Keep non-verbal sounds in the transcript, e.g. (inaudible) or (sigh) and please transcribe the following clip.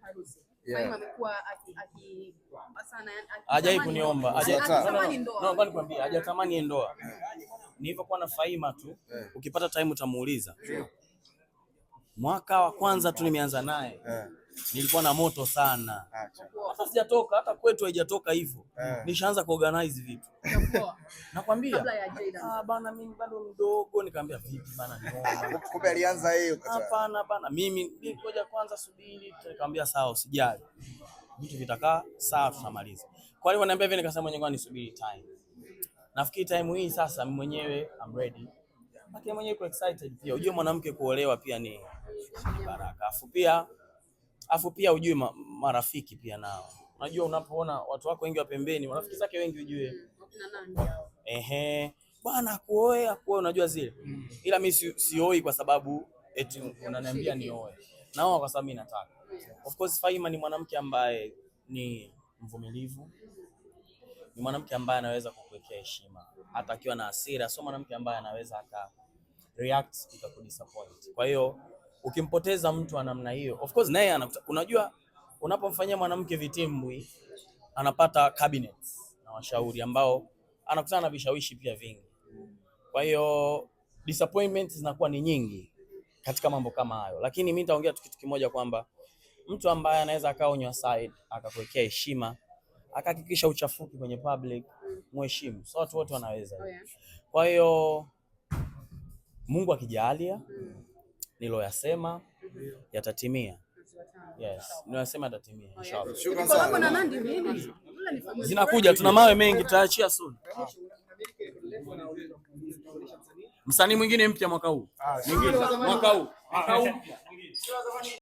harusi. Hajai kuniomba, hajatamani ndoa. Nilivyokuwa na Faima tu, ukipata time utamuuliza. Mwaka wa kwanza tu nimeanza naye nilikuwa na moto sana, hata sijatoka, hata kwetu haijatoka hivyo Yeah. Nishaanza ku organize vitu (laughs) nakwambia, ah bana, mimi bado mdogo. nikamwambia vipi bana, niona (laughs) kumbe alianza hiyo yeye. Hapana bana, mimi ngoja kwanza, subiri. Nikamwambia sawa, usijali, vitu vitakaa sawa, tunamaliza. Kwa hiyo ananiambia hivi nikasema mwenyewe subiri time, nafikiri time hii sasa mimi mwenyewe I'm ready lakini mwenyewe yuko excited pia. Ujue mwanamke kuolewa pia ni baraka, afu pia Alafu pia ujue ma, marafiki pia nao. Unajua unapoona watu wako wengi wa pembeni, marafiki zake wengi ujue. Ehe. Bwana kuoe akuoe unajua zile. Mm. Ila mimi si, sioi kwa sababu eti unaniambia nioe. Nao kwa sababu mimi nataka. Of course Fahima ni mwanamke ambaye ni mvumilivu. Ni mwanamke ambaye anaweza kukuwekea heshima hata akiwa na hasira, sio mwanamke ambaye anaweza aka react ikakudisappoint. Kwa hiyo ukimpoteza mtu wa namna hiyo, of course naye unajua, unapomfanyia mwanamke vitimbwi anapata cabinets na washauri ambao anakutana na vishawishi pia vingi. Kwa hiyo disappointments zinakuwa ni nyingi katika mambo kama hayo, lakini mimi nitaongea tu kitu kimoja kwamba mtu ambaye anaweza akawa on your side akakuwekea heshima akahakikisha uchafuki kwenye public, mheshimu. So watu wote wanaweza. Oh, Kwa hiyo Mungu akijalia niloyasema yatatimia. Yes, niloyasema yatatimia inshallah. Oh, Zinakuja, tuna mawe mengi, tutaachia soon. Msanii mwingine mpya mwaka huu, ah, mwaka huu